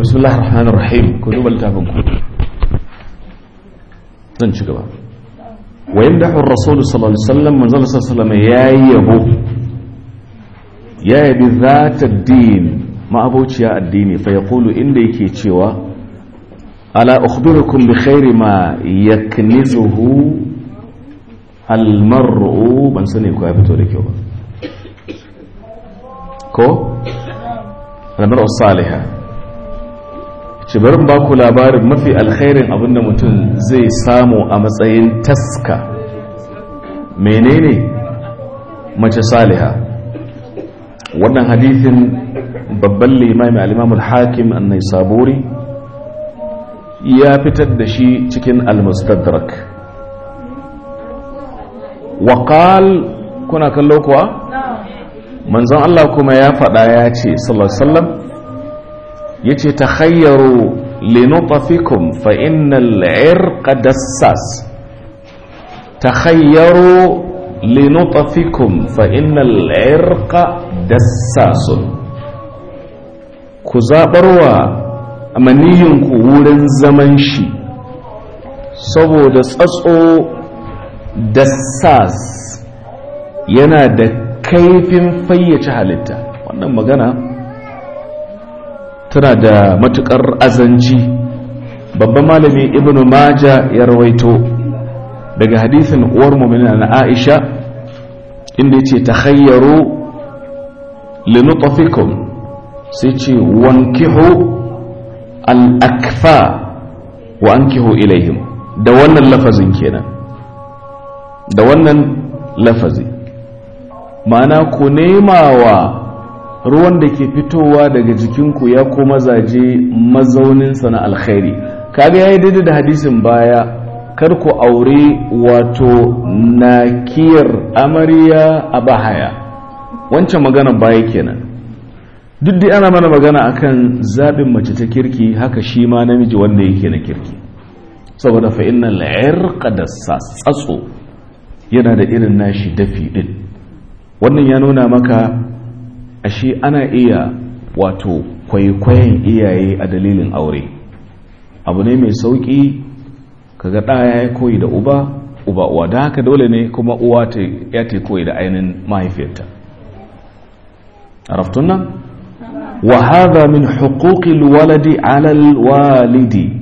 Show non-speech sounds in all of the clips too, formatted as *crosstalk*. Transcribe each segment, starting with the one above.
بسم الله الرحمن الرحيم كنوب التابنكم تنشي كبار ويمدح الرسول صلى الله عليه وسلم من صلى الله عليه وسلم يا يهو يا بذات الدين ما أبوش يا الدين فيقول إن ديك يتشوى ألا أخبركم بخير ما يكنزه almar'u ban sani ko ya fito da kyau ba ko almar'u saliha ci barin ba ku labarin mafi alkhairin abinda mutum zai samu a matsayin taska menene mace saliha wannan hadithin babban limami al-imamul hakim an-naisaburi ya fitar da shi cikin almustadrak mustadrak waƙal kuna kallo kuwa? manzon Allah kuma ya faɗa ya ce sallallahu ya ce ta hayyaro linotafikun fa'innal irka dassas ta hayyaro linotafikun fa'innal irka dassasun ku zaɓarwa maniyinku wurin zaman shi saboda tsatso dassas yana da kaifin fayyace halitta wannan magana tana da matukar azanci babban malami ibn maja ya rawaito daga hadisin uwar mu'minin na aisha inda ce yace takhayyaru linutafikum sai ce wankihu al-akfa wa ankihu ilaihim da wannan lafazin kenan da wannan lafazi ma'ana ku nemawa ruwan da ke fitowa daga jikinku ya ko zaje mazauninsa na alkhairi kaga ya yi daidai da hadisin baya kar ku aure wato nakiyar amarya a bahaya wancan magana baya kenan duk da ana mana magana akan zaɓin mace ta kirki haka shi ma namiji wanda yake na kirki saboda fa'in nan la'irka da sassatso yana da irin nashi dafi din wannan ya nuna maka ashe ana iya wato kwaikwayon iyaye a dalilin aure abu ne mai sauƙi kaga ɗaya ya koyi da uba uba uwa da haka dole ne kuma uwa ya ta koyi da ainihin mahaifiyarta raftun nan wa min huquqil waladi alal walidi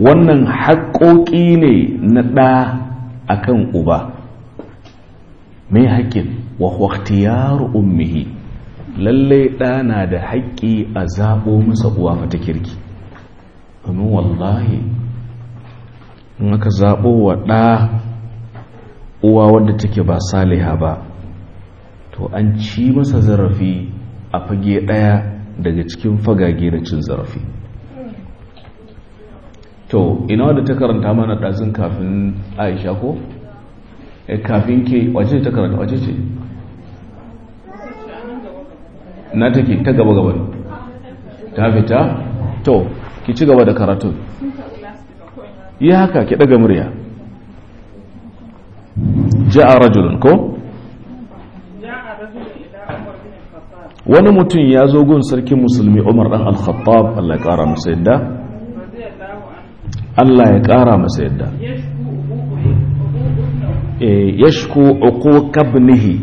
wannan haƙoƙi ne na ɗa akan uba mai haƙƙin wa ikhtiyar ummihi lalle ɗa na da haƙƙi a zaɓo masa uwa mata kirki domin wallahi in aka zaɓo wa ɗa uwa wadda take ba saliha ba to an ci masa zarafi a fage ɗaya daga cikin fagage na cin zarafi to ina wanda ta karanta mana ɗazin kafin aisha ko eh, kafin ke wace ta karanta wace ce na take ta gaba gaba ta fita to ki ci gaba da karatun yi haka ki daga murya ja'a rajulun ko wani mutum ya zo gun sarkin musulmi umar dan al-khattab Allah ya kara masa yadda Allah ya ƙara masa yadda eh, yashku uku kab'nihi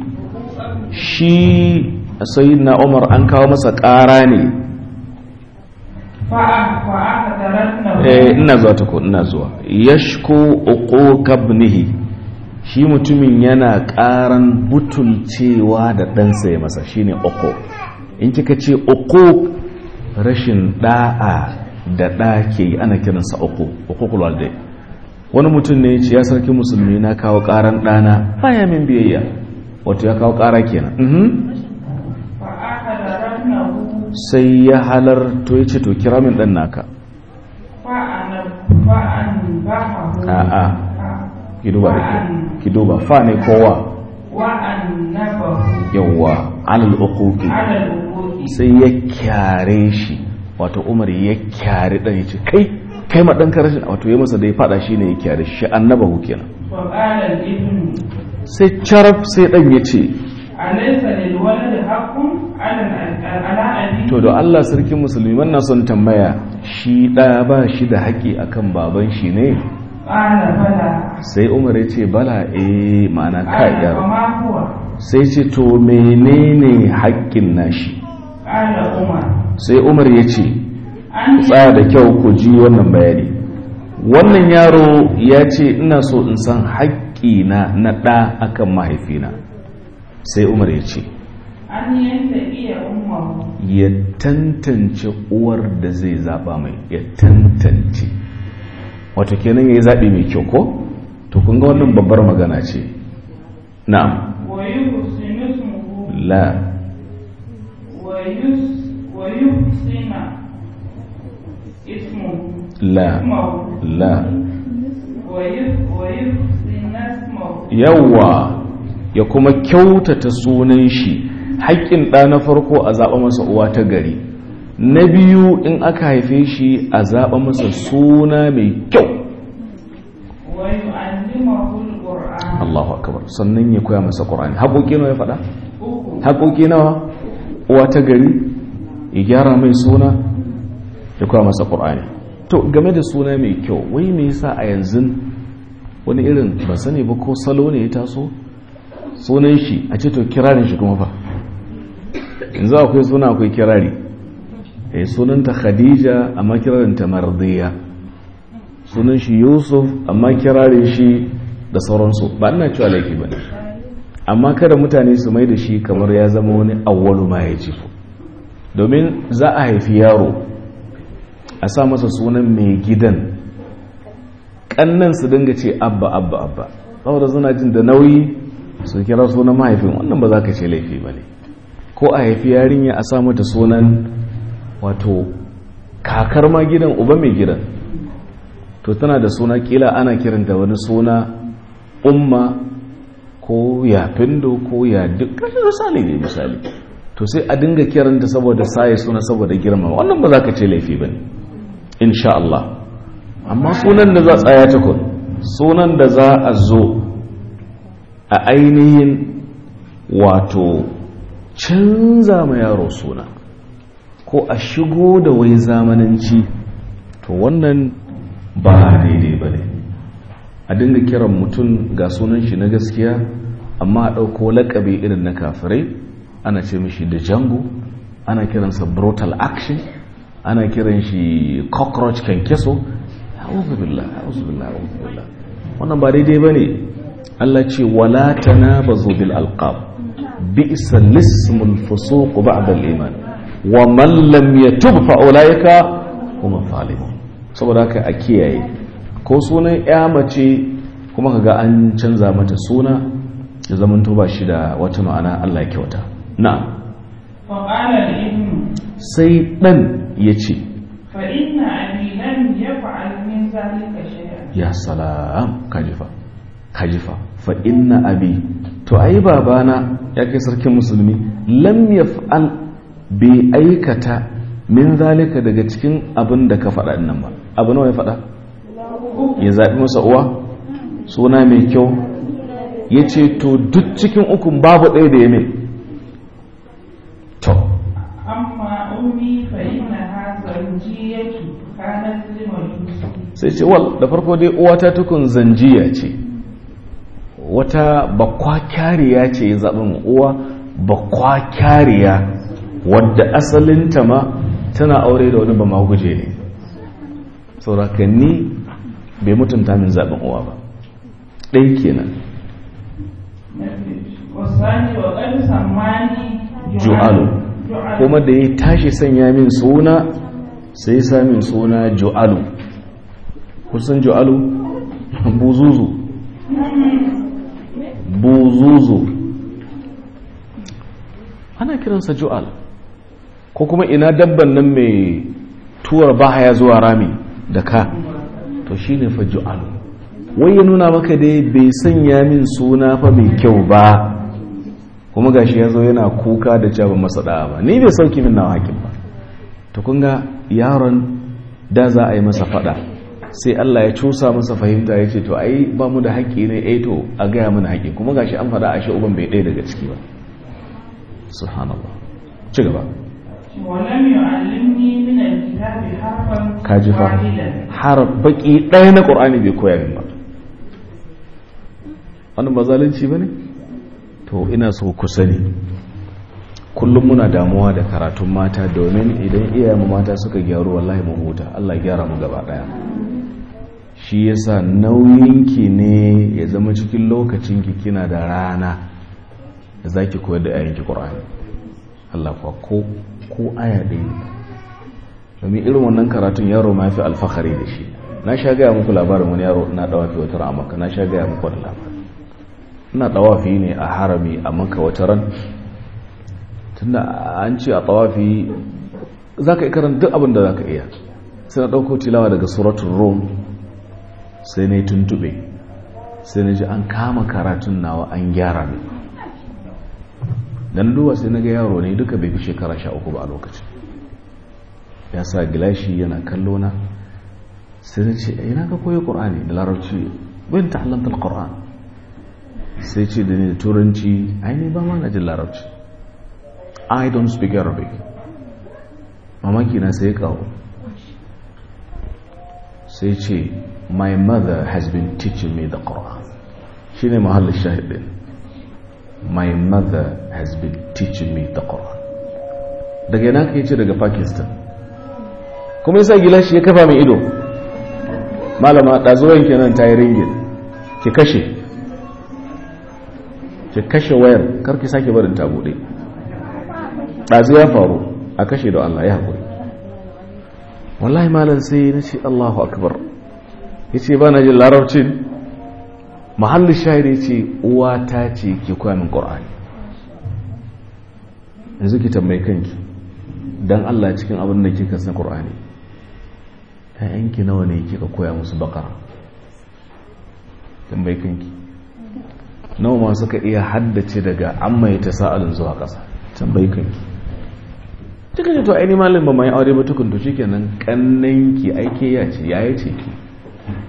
shi a na Umar an kawo masa ƙara ne eh, ina zuwa ta ko ina zuwa yashku uku kab'nihi shi mutumin yana ƙaran butulcewa da ɗansa ya masa shi ne uku. in kika ce uku, rashin ɗa'a. da ɗa ke yi ana kiransa uku uku kulwalde wani mutum ne ce ya sarki musulmi na kawo ƙaran ɗana baya min biyayya wato ya kawo ƙara kenan mhm. sai ya halar to ya ce to kira min ɗan naka a'a ki duba ki duba fa ne kowa yawwa alal uquqi sai ya kyare shi wato umar ya kyari dan yace kai kai ma dan a wato ya masa da ya fada shine ya kyari shi annaba hu kenan sai charaf sai dan yace alaysa lil walad haqqun ala to da Allah sarkin musulmi wannan son tambaya shi da ba shi da haƙi akan baban shi ne sai umar ya ce bala e ma'ana kayar sai ce to menene haƙƙin nashi sai umar ya ce tsaya da kyau ku ji wannan bayani wannan yaro ya ce ina so in san haƙƙina na ɗa akan mahaifina sai umar ya ce ya tantance uwar da zai zaɓa mai ya tantance wata kenan ya yi zaɓi mai kyau ko? to kun wannan babbar magana ce na'am la لا لا yawa ya kuma kyautata sunan shi haƙƙin ɗa na farko a zaɓa masa uwa ta gari na biyu in aka haife shi a zaɓa masa suna mai kyau Allahu akbar sannan ya koya masa Qur'ani haƙoƙi nawa ya faɗa haƙoƙi nawa uwa ta gari ya gyara mai suna ya koya masa Qur'ani to game da suna mai kyau wai me yasa a yanzu wani irin ba sani ba ko salo ne ya taso sunan shi a ce to kirarin shi kuma fa yanzu akwai suna akwai kirari eh sunanta khadija amma kirarin ta mardiya sunan shi yusuf amma kirarin shi da sauransu ba ina cewa laifi ba amma kada mutane su mai da shi kamar ya zama wani awwalu ma ya domin za a haifi yaro a sa masa sunan mai gidan ƙannan su dinga ce abba abba abba saboda suna jin da nauyi su kira sunan mahaifin wannan ba za ka ce laifi ba ne ko a haifi yarinya a sa mata sunan wato kakar ma gidan uba mai gidan to tana da suna kila ana kiranta wani suna umma ko yafindo ko ya duk misali ne misali to sai a dinga kiranta saboda saye suna saboda girma wannan ba za ka ce laifi ba ne insha Allah amma sunan da za a tsaya tukun sunan da za a zo a ainihin wato canza ma yaro suna ko a shigo da wai zamananci to wannan ba daidai ba ne a dinga kiran mutum ga sunan shi na gaskiya amma a ɗauko laƙabi irin na kafirai ana ce mishi da jango ana kiransa brutal action ana kiran shi cockroach kankeso wannan ba daidai bane ne Allah ce wala tanabazu bil alqab bi'sa lismul fusuq ba'da al iman wa man lam yatub fa ulaika hum zalimun saboda haka a kiyaye ko sunan ya mace kuma kaga an canza mata suna ya zaman to ba shi da wata ma'ana Allah ya kyauta na'am sai dan ya ce ya salam kalifa kalifa fa inna abi to ai babana ya kai sarkin musulmi lam yaf'al bai aikata min zalika daga cikin abin da ka faɗa nan ba abu nawa ya faɗa ya zaɓi masa uwa suna mai kyau ya ce to duk cikin ukun babu ɗaya da ya mai to sai ce wal da farko dai uwata tukun zanjiya ce wata bakwakyariya ce ya zaɓin uwa bakwakyariya wadda asalinta ma tana aure da wani ba maguje ne saurakanni bai mutunta min zaɓin uwa ba ɗai kenan ju'alu kuma da ya tashi sanya min suna sai ya suna ju'alu kusan ju'alu buzuzu buzuzu ana kiransa ju'al ko kuma ina dabban nan mai tuwar bahaya zuwa rami da ka to shi ne fa ju'alu wai ya nuna maka dai bai sanya min suna fa mai kyau ba kuma gashi ya zo yana kuka da jabin masa ba ni bai sauki min na hakim ba to kun yaron da za a yi masa faɗa sai Allah ya cusa masa fahimta ya ce to ai ba mu da haƙƙi ne eh to a gaya mana haƙƙi kuma gashi an faɗa ashe uban bai ɗaya daga ciki ba subhanallah ci gaba kaji fa baki ɗaya na ƙur'ani bai koya min ba wannan ba zalunci ba ne to ina so ku sani kullum muna damuwa da karatun mata domin idan iyayen mata suka gyaru wallahi mu huta Allah gyara mu gaba ɗaya. shi yasa nauyinki ne ya zama cikin lokacinki kina da rana da za ki koyar da ayyanki ƙur'ani Allah kuwa ko ko aya ɗaya domin irin wannan karatun yaro ma fi alfahari da shi na sha gaya muku labarin wani yaro na dawafi wata ran na sha gaya muku wani labarin ina dawafi ne a harami a maka wata ran tunda an ce a tawafi za ka yi karanta duk abin da za ka iya na ɗauko tilawa daga suratun rome sai na yi tuntube sai na ji an kama karatun nawa an gyara ne Don duwa, sai na ga yaro ne duka bai fi shekara sha uku ba a lokacin ya sa gilashi yana kallo na sai na ce ina ka koyi qur'ani da larabci bin ta al-qur'an sai ce da ni da turanci ai ba ma na jin larabci i don't speak arabic mamaki na sai kawo sai ce my mother has been teaching me the Quran shi ne mahallin shahidin my mother has been teaching me the Quran daga yana ka ce daga Pakistan kuma yasa gilashi ya kafa mai ido malama ɗazuwan kenan ta yi ringin ki kashe ki kashe wayar karki sake barin ta buɗe ɗazu ya faru a kashe da Allah ya haƙuri wallahi malam sai na ce allahu akbar ya ce ba na jin larabcin mahallin ya ce uwa ta ce ke koya min ƙorani yanzu ki tambayi kanki don allah cikin abin da kika san ƙorani ‘ya'yanki nawa ne kika koya musu bakara tambayi kanki nawa masu ka iya haddace daga an mai ta sa'alin zuwa ƙasa tambayi kanki cikin kace to aini malam ba mai aure ba to to shikenan kannanki aike ya ce yayi ce ki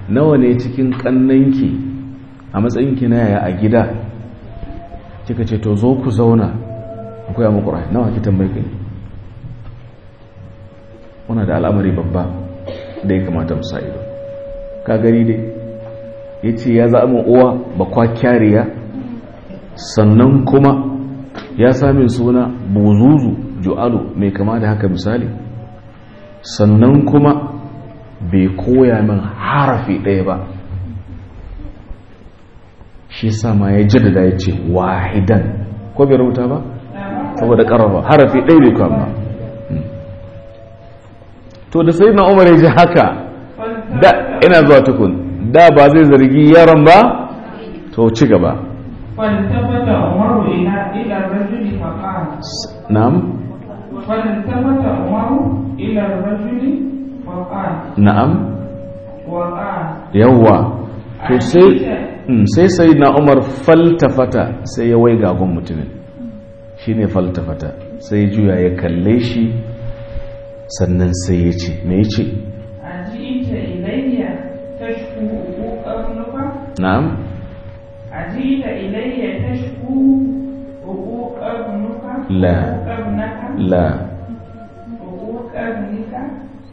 nawa ne cikin kannanki a matsayin ki na yaya a gida kika ce to zo ku zauna ya amma qur'ani nawa ki tambaye kai wannan da al'amari babba da ya kamata mu sa ido ka gari dai yace ya zama uwa ba kwa kyariya sannan kuma ya sami suna buzuzu ju'alu mai kama da haka misali sannan kuma bai koya min harafi ɗaya ba shi sama ya da ya ce wahidan ko bai rubuta ba saboda ƙarfa harafi ɗaya bai kama hmm. to da sai na umar ya ji haka da ina zuwa tukun da ba zai zargi yaron ba to ci gaba na'am فالتفت عمر إلى الرجل فقال نعم وقال يوا to ah, sai mm, sai na umar faltafata sai ya wai gagon mutumin shi ne faltafata sai juya ya kalle shi sannan sai ya ce me ya ce na'am ajiyita ilayya tashku uku ƙarnuka la'am la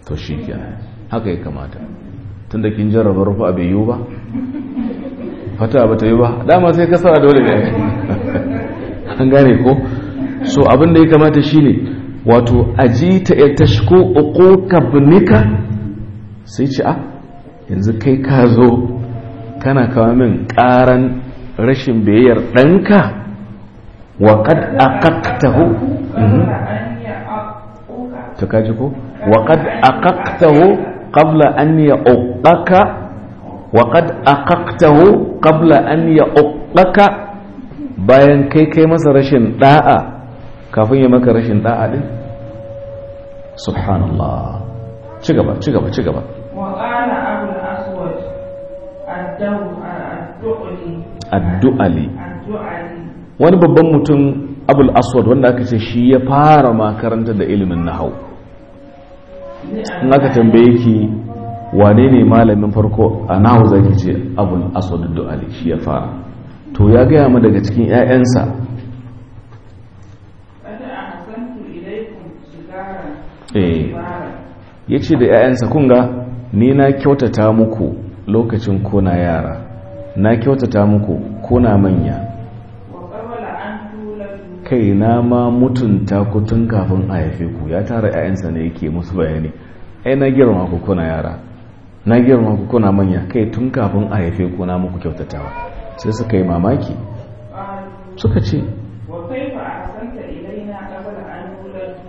to shi kenan haka ya kamata tun da kin jarraba rufu bai yiwu ba fata ba ta yi ba dama sai kasara dole ne *laughs* an gane ko so abin da ya kamata shi ne wato ji ta ya tashko uku kabnika sai ci a ah, yanzu kai ka zo kana kawo min karan rashin biyayyar ɗanka wa kad aqaqtahu mhm. to kaji ko wa kad aqaqtahu qabla an bayan kai kai masa rashin da'a kafin ya maka rashin da'a din subhanallah ci gaba ci gaba ci gaba addu'ali wani babban mutum abul aswad wanda aka ce shi ya fara makaranta da ilimin nahau in aka tambaye ki wane ne malamin farko a nahu zaki ce abul aswad du'ali shi ya fara to ya gaya ma daga cikin 'ya'yansa eh, ya ce da 'ya'yansa kunga ni na kyautata muku lokacin kona yara na kyautata muku kona manya kaina ma mutunta ku tun kafin a haife ku ya tara 'ya'yansa ne yake musu bayani ai na girma ku kuna yara na girma ku kuna manya kai tun kafin a haife ku na muku kyautatawa sai suka yi mamaki suka ce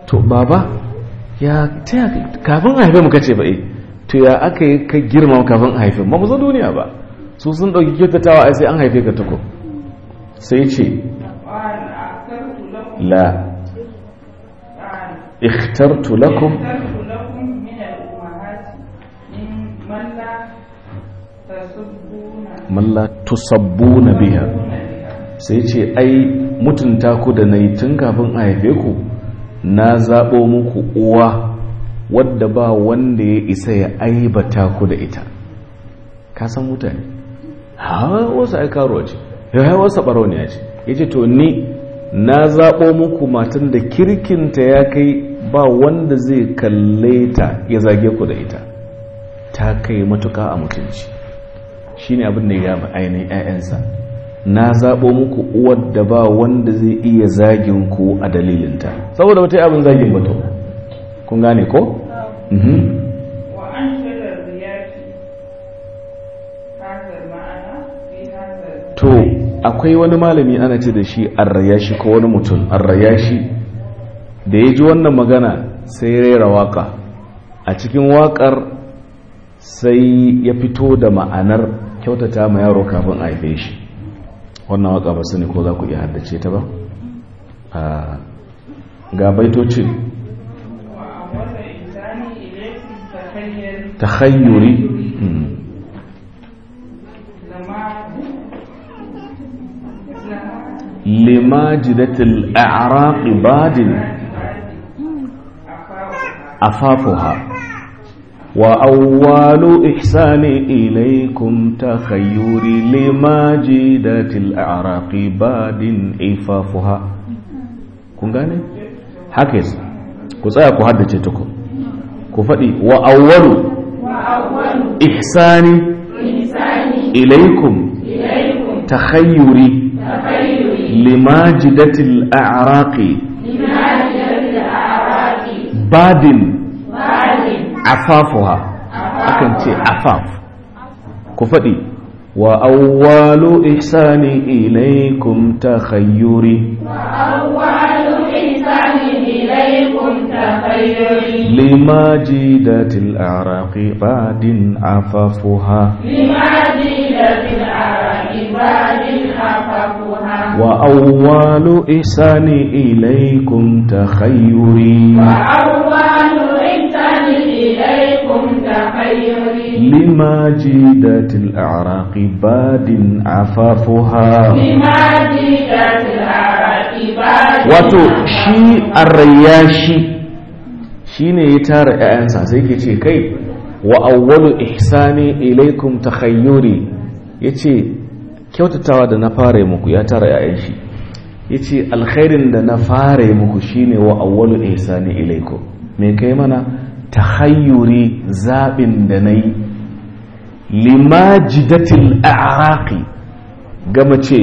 to baba ya taya kafin a haife muka ce ba eh. to ya aka yi ka girma kafin a haife mu ba zo duniya ba su sun ɗauki kyautatawa ai sai an haife ka tuko sai ce لا اخترت لكم من لا تصبون بها sai ce ai mutunta ku da nai tun kafin a haife ku na zaɓo muku uwa wadda ba wanda ya isa ya aibata ku da ita ka san mutane ha wasu ai karuwa ce ya wasu ya ce ya ce to ni na zaɓo muku matan da kirkinta ya kai ba wanda zai kalle ta ya zage ku da ita ta kai matuka a mutunci shi ne abin da ya gaba ainihin 'ya'yansa na zaɓo muku uwar da ba wanda zai iya zagin ku a dalilinta saboda wata abin zagin bato kun gane ko? akwai wani malami ana ce da shi arrayashi ko wani mutum arrayashi da ya ji wannan magana sai rera waka a cikin wakar sai ya fito da ma'anar kyautata ma yaro kafin a haife shi wannan waka ba sani ko za ku iya haddace ta ba ga baitocin ta hanyori hmm. limajidatil a'raqi badin afafuha وأول إحسان إليكم تخير لماجدة الأعراق باد إفافها kun gane? haka ku faɗi ilaikum takhayyuri لماجدة الأعراق باد عفافها أكن تي عفاف كفتي وأول إحسان إليكم تخيري وأول إحسان إليكم تخيري لماجدة الأعراق باد عفافها لماجدة وأول إحسان إليكم تخيري وأول إحسان إليكم تخيري لما جيدت الأعراق باد عفافها لما جيدت الأعراق باد واتو شي الرياشي شي نيتار tara سيكي شي ke وأول إحسان إليكم تخيري يتي kyautatawa da na fara muku ya tara yayan shi Ya ce alkhairin da na fara muku shine wa awwalu ihsani ilaiko. me kai mana tahayyuri zaɓin da na nayi limajidatil a'raqi gama ce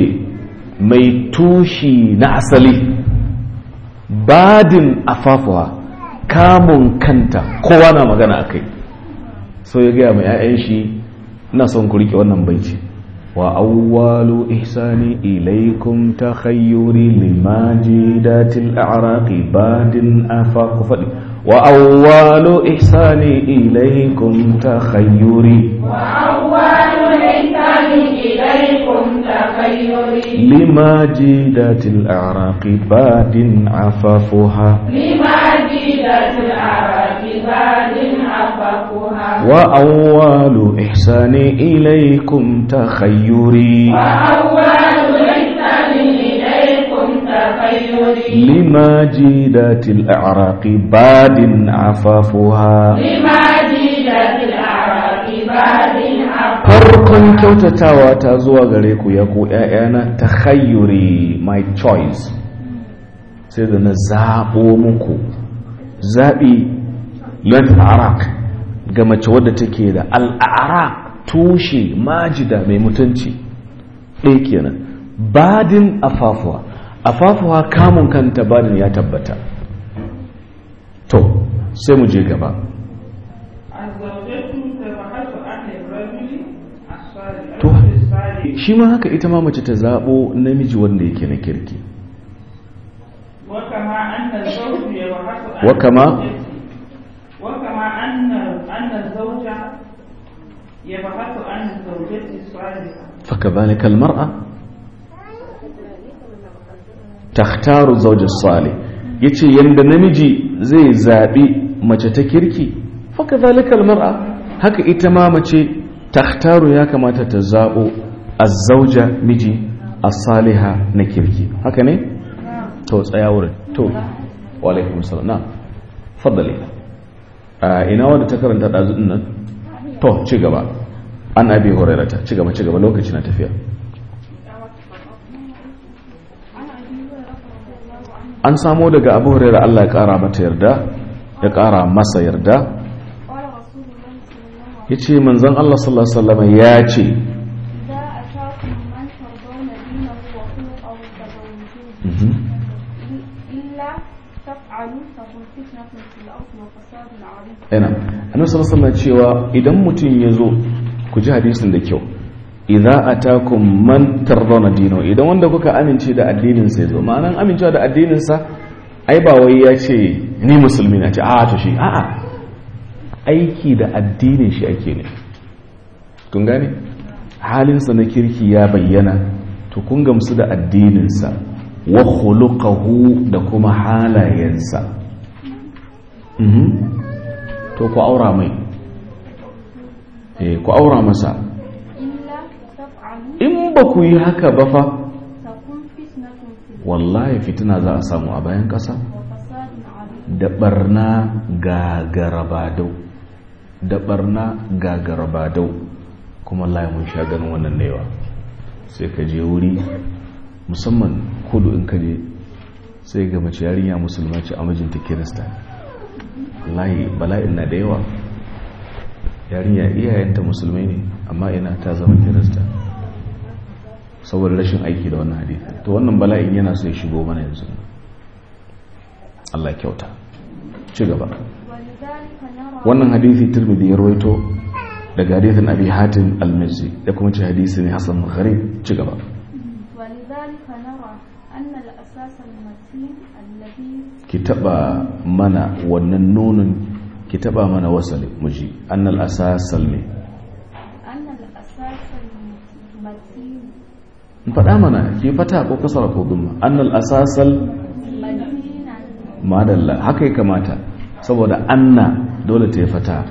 mai tushi na asali badin afafuwa kamun kanta kowa na magana a kai so ya gaya mai 'ya'yan shi na son ku rike wannan baiti وأول إحسان إليكم تخيري لماجدات الأعراق باد أفاق فلي وأول إحسان إليكم تخيري وأول إحسان إليكم تخيري لماجدات الأعراق باد عفافها لماجدات الأعراق باد وأول إحسان إليكم تخيري لما جيدات الأعراق باد عفافها لما جيدات الأعراق باد عفافها فرقا كوتا تاوى تازوى غريكو يكو ايانا تخيري my choice سيدنا زابو مكو زابي لنت العراق ga mace wadda take da al'ara tushe majida mai mutunci ɗaya kenan badin afafuwa afafuwa kamun kanta badin ya tabbata to sai mu je gaba to shi ma haka ita ma mace ta zaɓo namiji wanda yake na kirki wakama فكذلك المرأة تختار زوج الصالح yace yanda namiji zai zabi mace ta kirki faka zalikal mar'a haka ita ma mace takhtaru ya kamata ta zabo azzauja miji a saliha na kirki haka ne to to wa na ina wanda ta karanta dazu din nan to ci gaba an abi horarata ci gaba ci gaba lokaci na tafiya an samo daga abu hurairar Allah ya kara mata yarda ya kara masa yarda ya ce manzan Allah sallallahu Alaihi ya ce mhm. ina annabi sallallahu cewa idan mutum ya zo ku ji hadisin da kyau idza atakum man tardona dino idan wanda kuka amince da addinin sa yazo ma'anan amincewa da addinin sa ai ba wai ya ce ni musulmi na ce a to shi a'a aiki da addinin shi ake ne kun gane halin sa na kirki ya bayyana to kun gamsu da addinin sa wa khuluquhu da kuma halayensa mhm. to ku aura mai eh ku aura masa in ba ku yi haka ba fa wallahi fitina za a samu a bayan kasa. da barna gagarabadau da barna gagarabadau kuma wallahi mun sha ganin wannan ne yawa sai ka je wuri musamman kudu in ka je sai ga mace yarinya musulmanci a mijinta kirista wallahi bala'in na da yawa yarinya iyayenta musulmai ne amma ina ta zama kirista saboda rashin aiki da wannan hadith to wannan bala'in yana sai shigo mana yanzu Allah kyauta ci gaba wannan hadithi turmidi ya rawaito daga hadithin abi hatim al-mizzi da kuma ci hadisi ne hasan mukhari ci gaba ولذلك نرى أن الأساس المتين الذي ki taba mana wannan nonon ki taba mana wasali muji annal asasal ne faɗa mana ki fata ko kasara ko dumma annal asasal madalla haka ya kamata saboda anna dole ta fata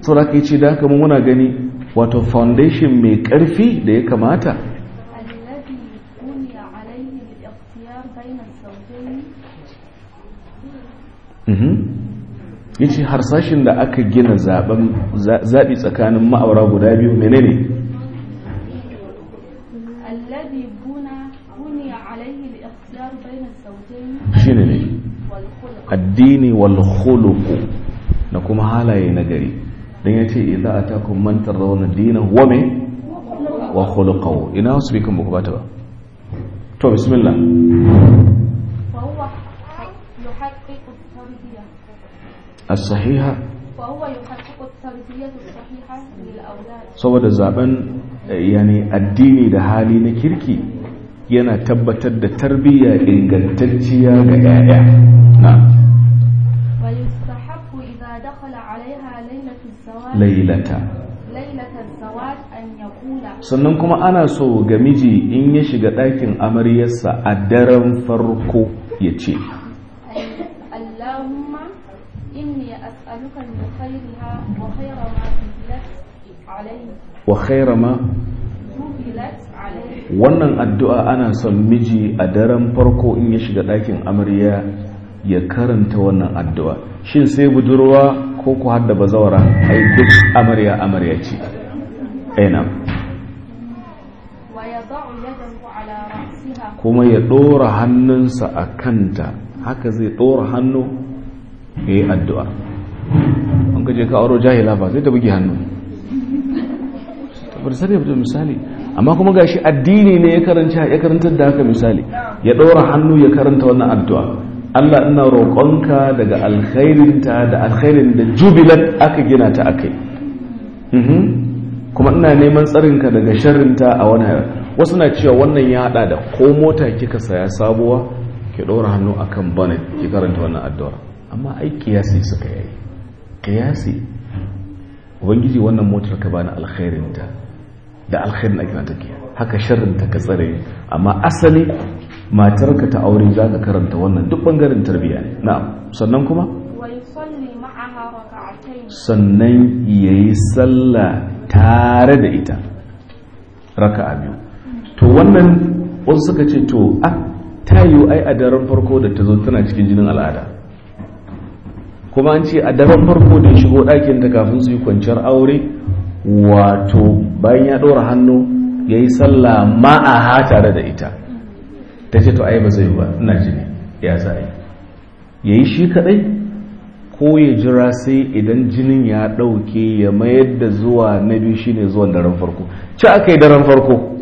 saboda ka yi ce da haka muna gani wato foundation mai ƙarfi da ya kamata Mhm. ya ce harsashin da aka gina zaɓi tsakanin ma'aura guda biyu menene shi ne ne addini wal khuluqu da kuma halaye na gari don ya ce idan a takun mantar raunar dina wame wa ina wasu bikin ba ba to bismillah as sahiha, saboda zaben eh, yani addini da hali na kirki yana tabbatar da tarbiyya ingantacciya ga 'ya'ya na sannan kuma ana so ga miji in ya shiga ɗakin amaryarsa a daren farko ya ce Wa wannan addu'a ana son miji a daren farko in ya shiga ɗakin amarya ya karanta wannan addu'a shin sai budurwa ko ku hadda bazawara ai duk amarya amarya ce aina eh, kuma ya ɗora hannunsa a kanta haka zai ɗora hannu ya yi addu'a an gaje ka auro jahila ba zai ta buge hannu farsar ya fito misali amma kuma gashi addini ne ya karanta ya karantar da haka misali ya ɗora hannu ya karanta wannan addu'a Allah ina roƙonka daga alkhairinta da alkhairin da jubilat aka gina ta akai mhm. kuma ina neman tsarinka daga sharrinta a wani hayar wasu na cewa wannan ya hada da ko mota kika saya sabuwa ki ɗora hannu akan banet ki karanta wannan addu'a amma aiki ya sai suka yayi kiyasi ubangiji wannan motar ka bani alkhairinta da alkhairin ake ta ke haka sharrinta ka tsare amma asali matarka ta aure za ka karanta wannan duk bangaren tarbiyya ne na'am sannan kuma sannan ya yi sallah tare da ita raka biyu to wannan wasu suka ce to a ah, tayo ai a daren farko da ta zo tana cikin jinin al'ada kuma an ce a daren farko da ya shigo ɗakin ta kafin su yi kwanciyar aure wato bayan ya ɗora hannu ya yi sallah ma'aha tare da ita ta ce to ai ba zai ba ina ji ne ya zai ya yi shi kaɗai ko ya jira sai idan jinin ya ɗauke ya mayar da zuwa na biyu shine zuwan daren farko ci aka yi daren farko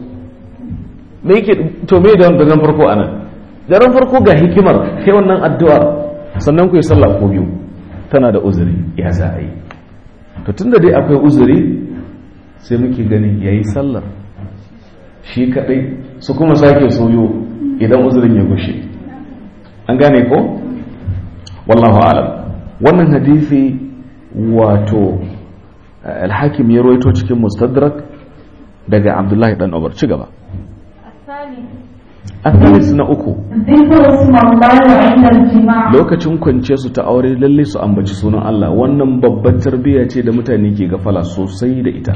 me yake to me da daren farko anan daren farko ga hikimar kai wannan addu'ar sannan ku yi sallah ko biyu tana da uzuri ya za a yi to tun da dai akwai uzuri sai muke ganin ya yi sallar shi kaɗai su kuma sake soyo idan uzurin ya gushe an gane ko? wallahu alam wannan hadithi wato eh, alhakim ya roito cikin mustadrak daga abdullahi dan obar ci gaba الثالث نأكو ذكر اسم الله عند الجماع لوكacin kwanciyar su ta aure lalle su ambaci sunan Allah wannan babbar tarbiyya ce da mutane ke gafala sosai da ita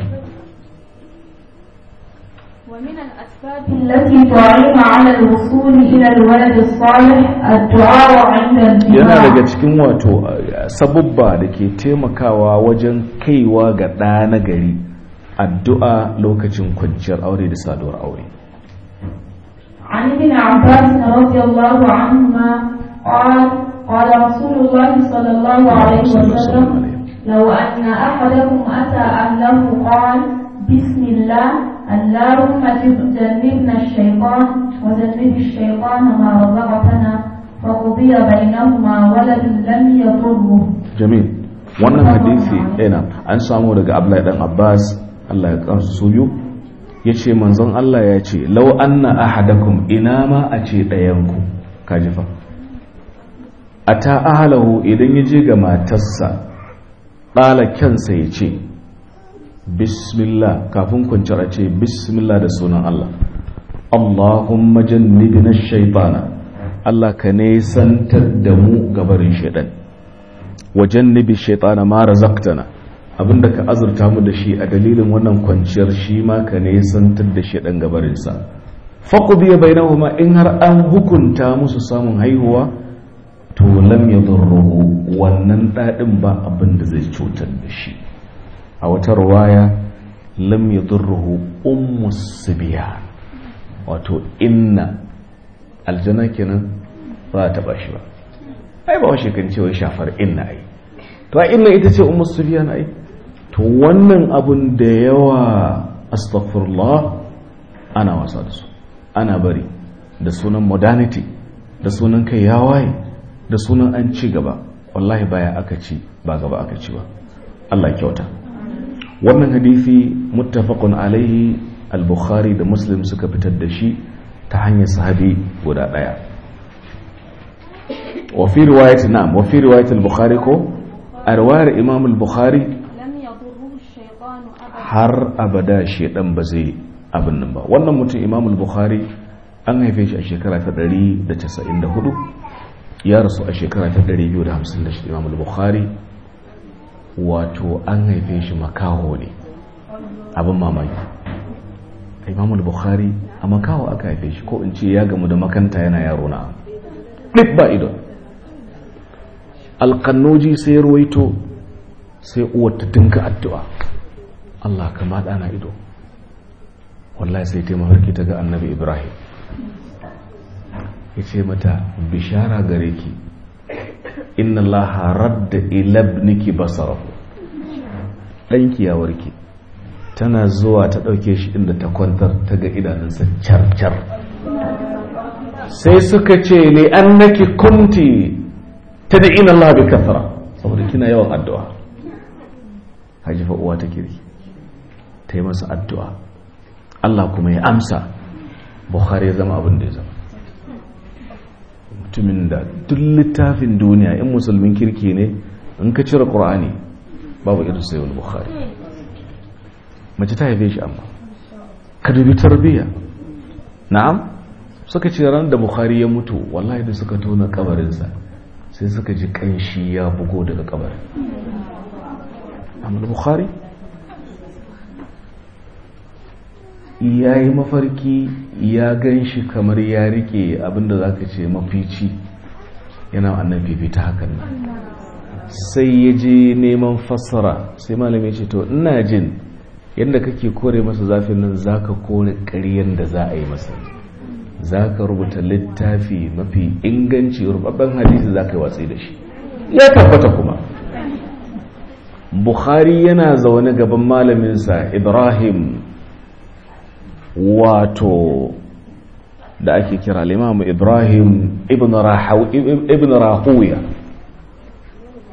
ومن الأسباب التي تعين على الوصول إلى الولد الصالح الدعاء عند الجماع yana daga cikin wato eh, sabubba da ke taimakawa wajen kaiwa ga ɗa na gari addu'a lokacin kwanciyar aure da saduwar aure عن ابن عباس رضي الله عنهما قال قال رسول الله صلى الله عليه وسلم لو أن أحدكم أتى أهله قال بسم الله اللهم جنبنا الشيطان وجنب الشيطان ما رزقتنا فقضي بينهما ولد لم يضره جميل wannan hadisi yana an samu daga Abdullahi dan Abbas Allah ya karsu su biyu ya ce manzon Allah ya ce lau anna ahadakum ina ma a ce ɗayanku kajifa a ta ahalahu idan ya je ga matarsa ɓala kyansa ya ce bismillah kafin kwanciyar a ce bismillah da sunan Allah Allahumma jannibi na shaitana Allah ka nesantar da mu gabarin shaidan wa jannibi shaitana ma razaqtana Abin da ka azurta mu da shi a dalilin wannan kwanciyar shi ma ka ne santar da shi dan gabarinsa nawa bainahuma in har an hukunta musu samun haihuwa to lam yadurruhu wannan dadin ba abin da zai cutar da shi a wata ruwaya lam yadurruhu un sibiyan wato inna aljanna kenan ba ta bashi ba ai ba wa kan cewa shafar inna ai to a inna ita ce ummus na ai to wannan abun da yawa astaghfirullah ana wasa da su ana bari da sunan modernity da sunan kai ya waye da sunan an ci gaba wallahi baya aka ci ba gaba aka ci ba Allah kyauta wannan hadisi muttafaqun alaihi al-bukhari da muslim suka fitar da shi ta hanyar sahabi guda daya wa fi riwayat na wa fi riwayat al-bukhari ko a riwayar imam al-bukhari har abada shi dan ba zai abin nan ba wannan mutum imamul bukhari an haife shi a shekara ta 194 ya rasu a shekara ta 256 imamul bukhari wato an haife shi makaho ne abin mamaki imamul bukhari a makaho aka haife shi ko in ce ya gamu da makanta yana yaro na duk ba idon alkannoji sai ruwaito sai uwar ta dinka addu'a Allah kama ɗana ido wallahi sai ta mafarki ta ga annabi ibrahim ya ce mata bishara gare ki inna laha radda ilabniki basarahu ɗanki ya warki tana zuwa ta ɗauke shi inda ta kwantar ta ga idanunsa carcar sai suka ce ne an naki kunti ta da ina Allah bi saboda kina yawan addu'a hajjifa uwa ta kirki ta yi masa addu'a Allah kuma ya amsa bukhari ya zama abin da ya zama mutumin da duk littafin duniya in musulmin kirki ne in ka cire ƙura'ani babu irin sai wani bukhari mace ta haife shi amma ka dubi tarbiyya na'am suka ce ran da bukhari ya mutu wallahi da suka tona kabarinsa sai suka ji kanshi ya bugo daga kabarin amma bukhari ya yi mafarki ya gan shi kamar ya rike abinda za ka ce mafici yana annan fifita hakan nan sai ya je neman fassara sai malami ce to ina jin yadda kake kore masa zafin nan za ka kore ƙaryen da za a yi masa za ka rubuta littafi mafi inganci rubabban hadisi za ka yi watsi da shi ya tabbata kuma bukhari yana zaune gaban malaminsa ibrahim wato da ake kira limamu ibrahim ibn rahuya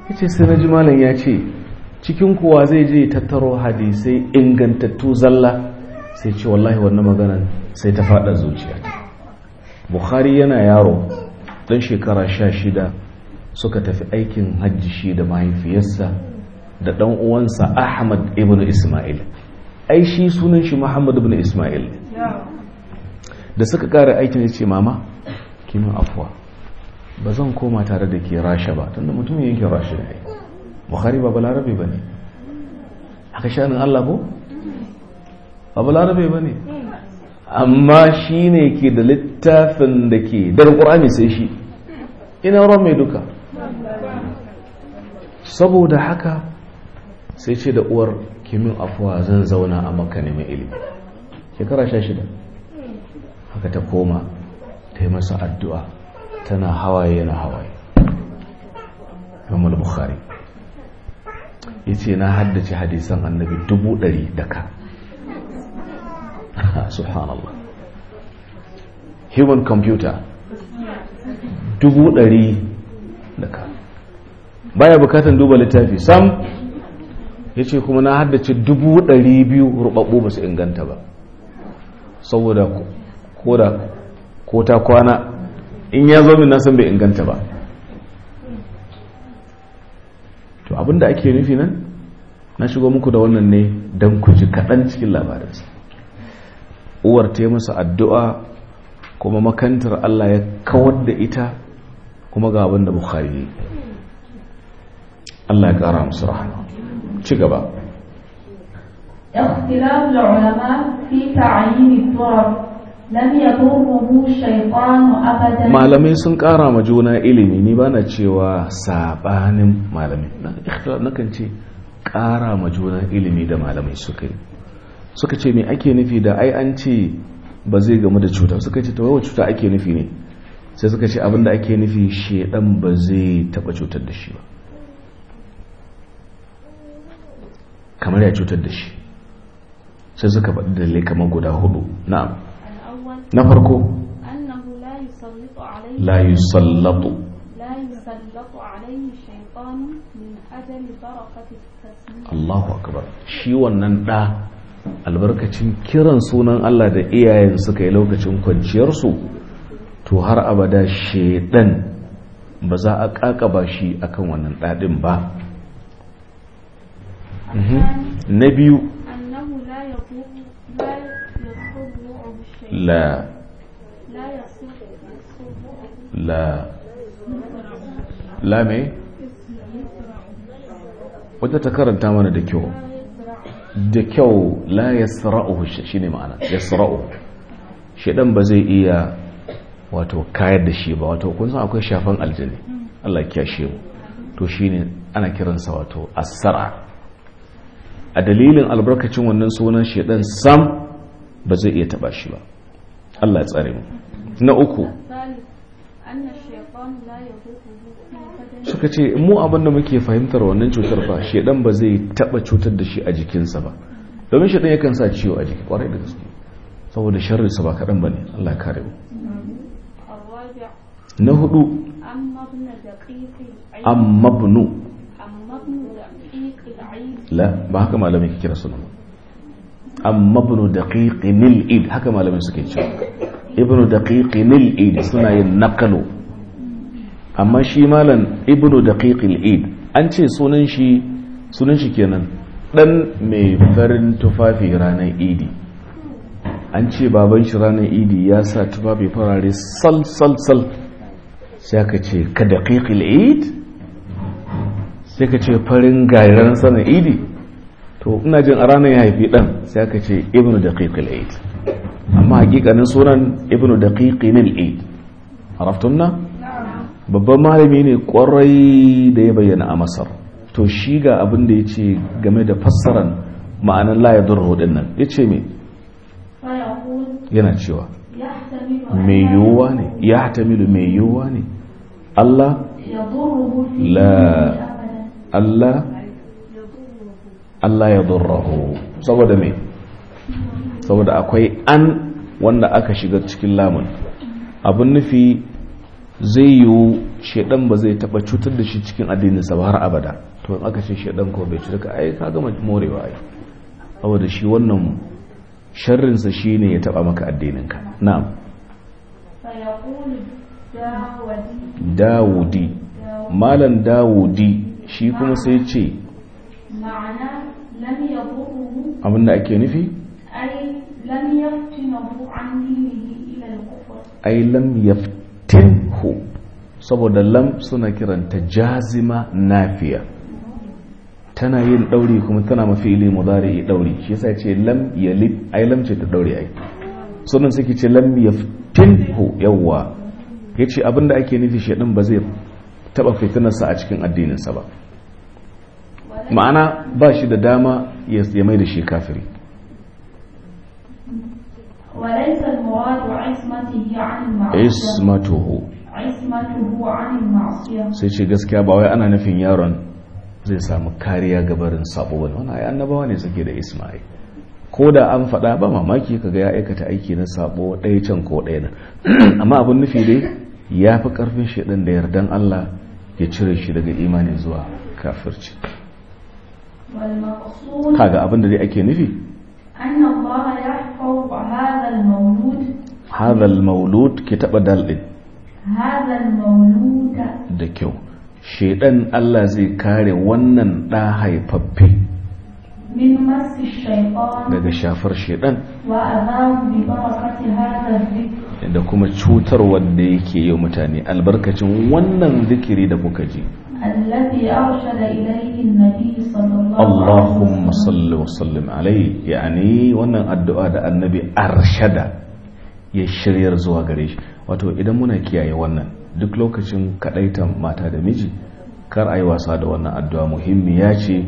ya ce sai na jimalin ya ce cikin kuwa zai je tattaro hadisai ingantattu zalla sai ce wallahi wannan maganan sai ta fada zuciya bukhari yana yaro ɗan shekara sha shida suka tafi aikin hajji shi da mahaifiyarsa da ɗan uwansa ahmad ibn ismail ai shi sunan shi Muhammadu bin ismail da suka kara aikin ya ce mama kinu afuwa ba zan koma tare da ke rasha ba tunda mutum yankin rasha ne bukhari ba balarabe ba ne haka shanin allah ko ba balarabe ba ne amma shi ne ke da littafin da ke dar ƙur'ani sai shi ina ruwan mai duka saboda haka sai ce da uwar min afuwa zan zauna a maka neman ilimi shekara sha shida haka ta koma ta yi masa addu'a tana hawaye yana hawaye imamul bukhari ya ce na haddace hadisan annabi dubu ɗari da ka *laughs* subhanallah human computer dubu ɗari da ka baya bukatan duba littafi sam ya ce kuma na haddace dubu ɗari biyu ruɓaɓɓu ba su inganta ba saboda koda ko ta kwana in ya zo min nasan bai inganta ba to abinda ake nufi nan na shigo muku da wannan ne don ku ji kaɗan cikin labarinsa uwar ta masa addu'a kuma makantar Allah ya kawar da ita kuma ga abin da bukhari Allah ya kara musu rahama ci gaba اختلاف العلماء في تعيين الطرق لم يضره الشيطان ابدا malamai sun kara ma juna ilimi ni bana cewa sabanin malamai na ikhtilaf kan ce kara ma juna ilimi da malamai suka yi suka ce me ake nufi da ai an ce ba zai gamu da cuta suka ce tawawa cuta ake nufi ne sai suka ce abinda ake nufi shedan ba zai taba cutar da shi ba kamar ya cutar da shi sai suka faɗi dalilai kamar guda hudu na'am na farko la Allahu akbar shi wannan ɗa, albarkacin kiran sunan Allah da iyayen suka yi lokacin kwanciyarsu to har abada sheɗan ba za a ƙaƙaba shi akan wannan ɗaɗin ba Mhm. na biyu la la la me wadda ta karanta mana da kyau da kyau la ya sara'uhu shi ne ma'ana ya sara'uhu shaɗan ba zai iya wato kayar da shi ba wato kun san akwai shafan aljani mm. Allah ya kyashe mu to shine ana kiransa wato asara. a dalilin albarkacin wannan sunan shaidan sam ba zai iya taba shi ba Allah ya tsare mu na uku suka ce mu abinda muke fahimtar wannan cutar fa shaidan ba zai taba cutar da shi a jikinsa ba domin shaidan yakan sa ciwo a jiki kwarai da gaske saboda sharrinsa ba kaɗan ba ne Allah kare mu na hudu amma mabnu. la ba haka malamai ka kira sunan amma ibn daqiq nil haka malamai suke cewa ibn daqiq nil suna yin naqalu amma shi malam ibn daqiq al an ce sunan shi sunan shi kenan dan mai farin tufafi ranar idi an ce baban shi ranar idi ya sa tufafi farare sal sal sal sai ka ce ka daqiqil id sai ka ce farin gairan sanin idi to ina jin a ranar ya haifi ɗan sai ka ce ibn da ƙiƙil aid amma hakikanin sunan ibn da ƙiƙil aid haraftun nan babban malami ne kwarai da ya bayyana a masar to shi ga abin da ya ce game da fassaran ma'anin layadun rodin nan ya ce me yana cewa mai yiwuwa ne ya hatamilu mai yiwuwa ne Allah la Allah Allah ya durrahu saboda me saboda akwai an wanda aka shiga cikin lamun abin nufi zai yiwu shaidan ba zai taba cutar da shi cikin addininsa ba har abada to in aka ce shaidan ko bai cutar ka ai ka gama morewa ai saboda shi wannan sharrinsa shine ya taba maka addininka na'am dawudi malam dawudi shi kuma sai ce ma'ana abinda ake nufi ai lam ya an dinihi saboda lam suna kiranta jazima nafiya tana yin ɗauri kuma tana mafi ili mudari daure shi yasa ce lam ya yalib ai lam ce ta ɗauri ai sunan suke ce lam yawwa ya ce abinda ake nufi shaɗin ba zai taba fitinarsa a cikin addininsa ba ma'ana ba shi da dama ya mai da shi kafiri sai ce gaskiya ba wai ana nufin yaron zai samu kariya gabarin sabo wani wani annabawa ne suke da ismail ko da an faɗa ba mamaki ka ga ya aikata aiki na sabo ɗaya can ko ɗaya na *clears throat* amma abin nufi dai ya fi ƙarfin shaɗin da yardan allah ya cire shi daga imani zuwa kafirci kaga abin da dai ake nufi hadal maulud ki taba dalɗin da kyau shaidan Allah zai kare wannan ɗa haifaffe daga shafar shaidan wa azabu bi barakati hadal dhikr da kuma cutar wanda yake yi mutane albarkacin wannan zikiri da kuka ji Allahumma salli wa sallim alai yani wannan addu'a da annabi arshada ya shiryar zuwa gare shi. wato idan muna kiyaye wannan duk lokacin kadaita mata da miji kar a yi wasa da wannan addu'a muhimmiya ce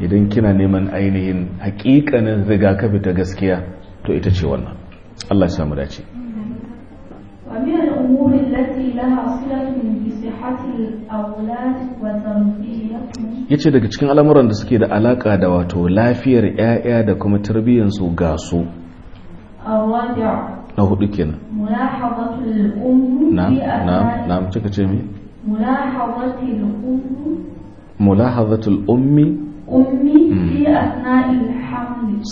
idan kina neman ainihin hakikanin rigakafi ta gaskiya to ita ce wannan Allah ya samu dace ومن الأمور التي لها صلة بصحة الأولاد وتربيتهم yace daga cikin al'amuran da suke da alaka da wato lafiyar 'ya'ya da kuma su ga su na hudu kenan na na na cika ce mi mulahazatul ummi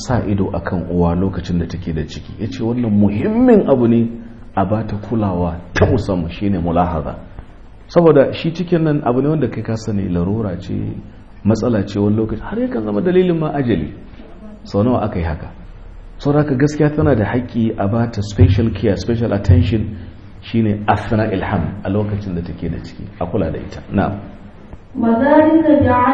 sa ido akan uwa lokacin da take da ciki yace wannan muhimmin abu ne a ba ta kulawa ta musamman shine mulahaza saboda shi cikin nan abu ne wanda kai ka sani larura ce matsala ce wani lokaci har yakan zama dalilin ma ajali sau nawa aka yi haka sau da gaskiya tana da haƙƙi a ba ta special care special attention shine asana ilham a lokacin da take da ciki a kula da ita na وذلك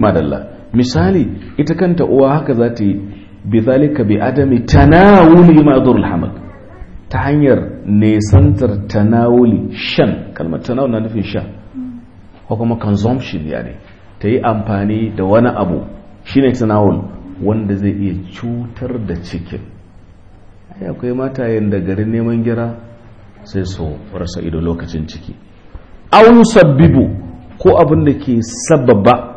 madalla misali ita kanta uwa haka za ta yi bi zalika bi adami tanawuli ma ta hanyar nesantar tanawuli shan kalmar tanawuli na nufin sha ko kuma consumption ya ne ta yi amfani da wani abu shine tanawul wanda zai iya cutar da cikin ai akwai matayen da garin neman gira sai su rasa ido lokacin ciki au sabbibu ko abin da ke sababa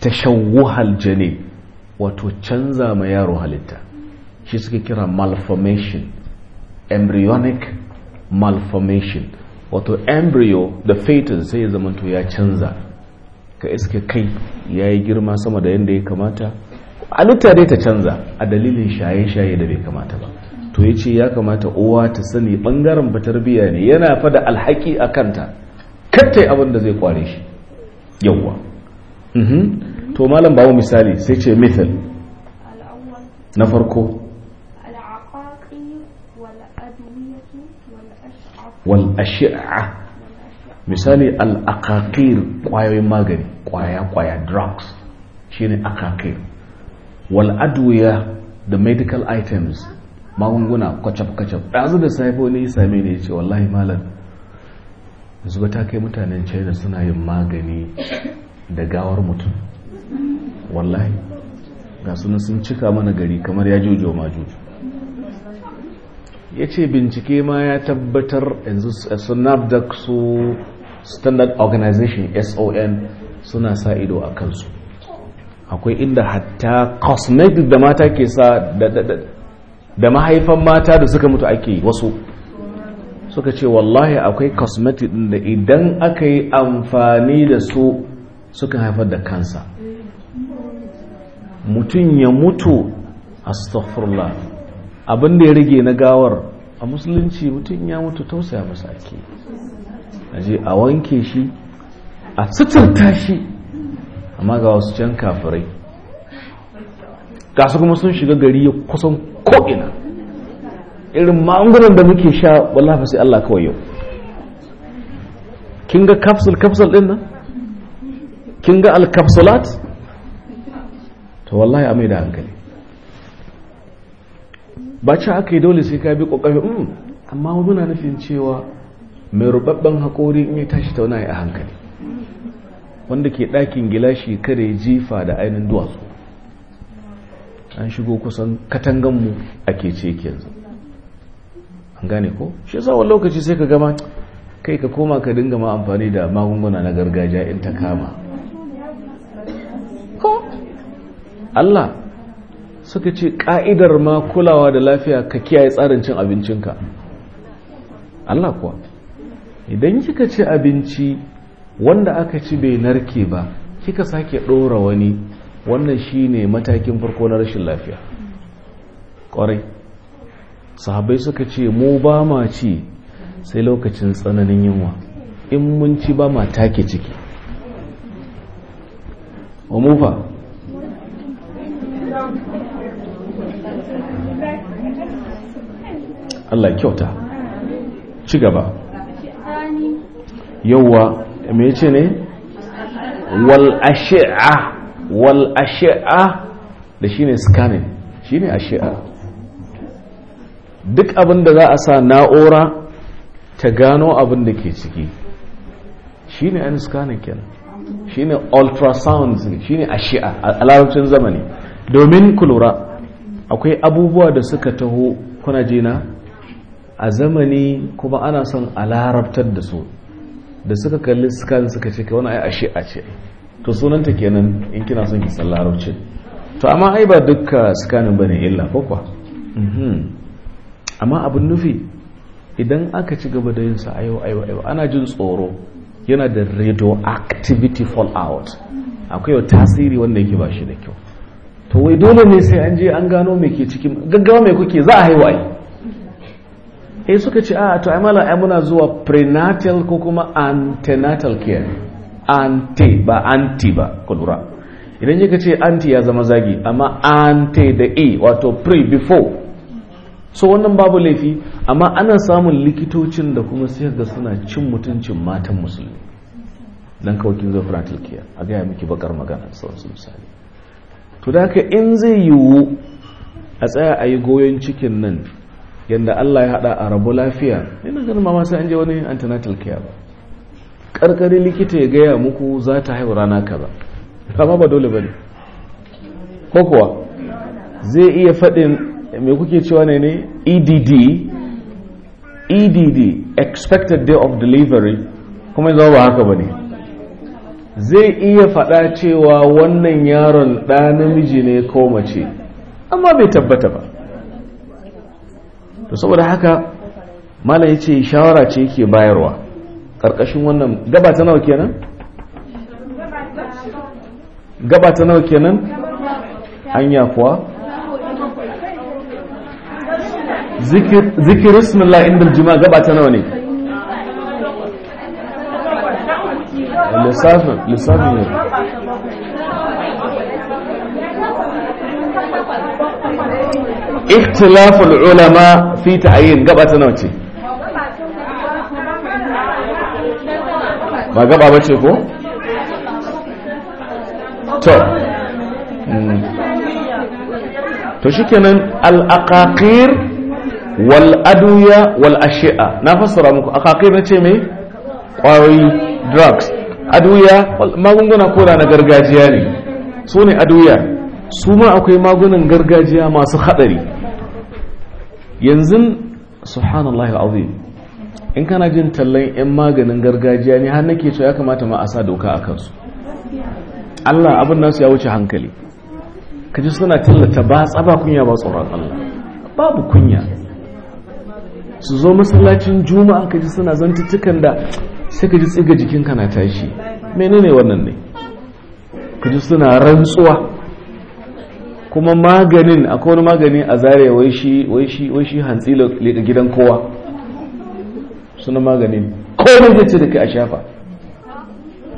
tashawuhal jani wato canza ma yaro halitta shi suke kira malformation embryonic malformation wato embryo da fetus sai ya zama ya canza ka iske kai ya yi girma sama da yadda ya kamata halitta dai ta canza a dalilin shaye-shaye da bai kamata ba to ya ce ya kamata uwa ta sani bangaren ba tarbiyya ne yana fada alhaki a kanta kattai abin da zai kware shi yawwa mhm. to malam bawo misali sai ce mithal na farko wal ashi'a misali al aqaqir kwayoyin magani kwaya kwaya drugs shine aqaqir wal adwiya the medical items magunguna kwacha kwacha ɗazu da safe wani ya same ne ce wallahi malam yanzu ba ta kai mutanen china suna yin magani da gawar mutum wallahi ga suna sun cika mana gari kamar ya jojo ma jojo ya ce bincike ma ya tabbatar yanzu snapdac su standard organization son suna sa ido a kansu akwai inda hatta cosmetic da mata ke sa da mahaifan mata da suka mutu ake wasu suka ce wallahi akwai cosmetic din da idan aka yi amfani da su suka haifar da kansa mutum ya mutu astaghfirullah abin da ya rage na gawar a musulunci mutum ya mutu tausaya masa ake aje a wanke shi a suturta shi amma ga wasu can kafirai gasu kuma sun shiga gari ya kusan ko'ina irin ma'amuran da muke sha wala fa sai Allah kawai yau kin ga capsule capsule din nan kin ga alkapsulat to wallahi a mai da hankali ba ci aka yi dole sai ka bi kokari hmm, amma muna nufin cewa mai rubabban haƙori in yi tashi tauna a hankali wanda ke ɗakin gilashi ya jifa da ainihin duwatsu an shigo kusan mu ake ce yanzu an gane ko shi yasa wani lokaci sai ka gama kai ka koma ka dinga ma amfani da magunguna na gargajiya in ta kama ko Allah suka ce ka'idar ma kulawa da lafiya ka kiyaye tsarin cin abincinka Allah kuwa idan kika ci abinci wanda aka ci bai narke ba kika sake ɗora wani wannan shine matakin farko na rashin lafiya ƙwarai sahabai suka ce mu ba ma ci sai lokacin tsananin yunwa in mun ci ba ma take ciki wa fa Allah kyauta ci gaba yauwa me ce ne wal ashi'a wal ashi'a da shine scanning shine ashi'a duk abin da za a sa na'ura ta gano abin da ke ciki shi ne an scanning kenan shi ne ultrasound shi ne a shi'a a larabcin zamani domin kulura akwai abubuwa da suka taho kuna jina a zamani kuma ana son a larabtar da su da suka kalli scan suka ce wani ai a shi'a ce to sunanta kenan in kina son ki san larabcin to amma ai ba dukka scanning bane illa ko kwa mhm. amma abin nufi idan aka ci gaba da yinsa ayo ayo ayo ana jin tsoro yana da radioactivity fallout akwai yau tasiri wanda yake ba shi da kyau to wai dole ne sai an je an gano mai ke cikin gaggawa mai kuke za a haihuwa yi eh, suka ce a ah, to ai mala ai muna zuwa prenatal ko kuma antenatal care ante ba anti ba ku lura idan kika ce anti ya zama zagi amma ante da e wato pre before so wannan babu laifi amma ana samun likitocin da kuma sai ga suna cin mutuncin matan musulmi dan kawakin zo fratil kiya a gaya miki bakar magana da sauransu misali to da haka in zai yiwu a tsaya a yi goyon cikin nan yadda Allah ya hada a rabu lafiya ina ganin ma sai an je wani antenatal care ba karkari likita ya gaya muku za ta haihu rana kaza amma ba dole bane ko kuwa zai iya faɗin Eh, me kuke cewa ne ne edd edd expected day of delivery kuma zai ba haka ba ne zai iya faɗa cewa wannan yaron ɗa namiji ne ko mace amma bai tabbata ba to saboda haka malam ya ce shawara ce yake bayarwa ƙarƙashin wannan gaba ta nawa kenan? gaba ta nawa kenan? hanya kuwa? ذكر اسم الله عند الجماعة قبعت أنا واني لسافة لسافة اختلاف العلماء في تعيين قبعت أنا واني ما قبع بشيكو طب تشكي من الأقاقير wal aduya wal ashi'a na fassara muku a kakai na ce mai kwayoyi drugs aduya magunguna koda na gargajiya ne su ne aduya su ma akwai magunan gargajiya masu hadari yanzu subhanallah azim in kana jin tallan 'yan maganin gargajiya ne har nake cewa ya kamata ma a sa doka a kansu Allah abin nasu ya wuce hankali kaji suna tallata ba tsaba kunya ba tsoron Allah babu kunya su zo masallacin juma'a ka ji suna zantuttukan da sai ka ji tsiga jikinka na tashi menene wannan ne ka ji suna rantsuwa kuma maganin akwai wani magani a zare wai shi hantsi leka gidan kowa suna maganin komai zai ce da kai a shafa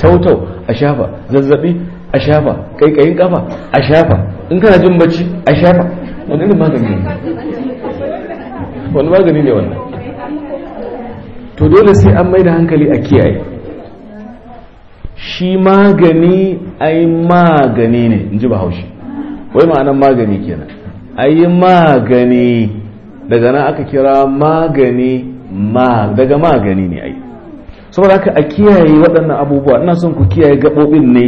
tautau a shafa zazzabi a shafa kaikayin kafa a shafa in kana jin bacci a shafa wani ne magani ne wani magani ne wannan to dole sai an mai da hankali a kiyaye shi magani ai magani ne in ji bahaushe wai ma'anan magani kenan ai magani daga nan aka kira magani ma daga magani ne ai saboda haka a kiyaye waɗannan abubuwa ina son ku kiyaye gaɓoɓin ne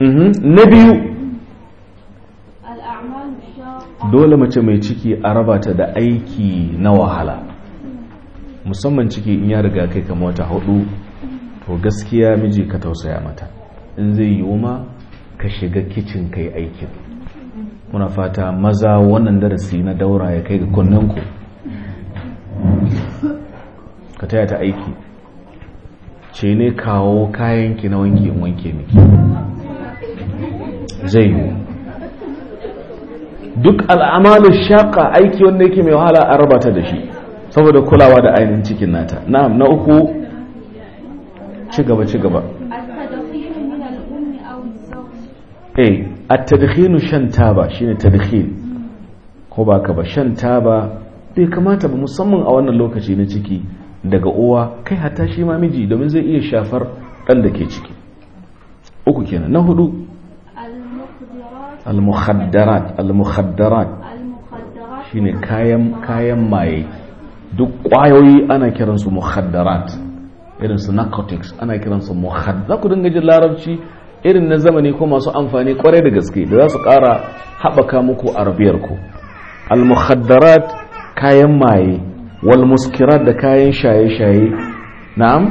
mhm. na biyu dole mace mai ciki a raba ta da aiki na wahala musamman ciki in ya riga kai kama wata hudu to gaskiya miji ka tausaya mata in zai yiwu ma ka shiga kicin kai aikin muna fata maza wannan darasi na daura ya kai ga kunninku ka taya ta aiki ce ne kawo kayanki na wanke in wanke miki zai yiwu duk al'amalu shaƙa aiki wanda yake mai wahala a raba ta da shi saboda kulawa da ainihin cikin nata na na uku ci gaba ci gaba eh, shan taba shine tadkhin ko ba ka ba shan taba bai kamata ba musamman a wannan lokaci na ciki daga uwa kai hata shi ma miji domin zai iya shafar dan da ke ciki uku kenan na hudu المخدرات المخدرات shine kayan kayan maye duk kwayoyi ana kiransu mukhaddarat irin su narcotics ana kiransu mukhad ku dinga jin larabci irin na zamani ko masu amfani kwarai da gaske da za su ƙara haɓaka muku arabiyar ku al-mukhaddarat kayan maye wal muskirat da kayan shaye-shaye na'am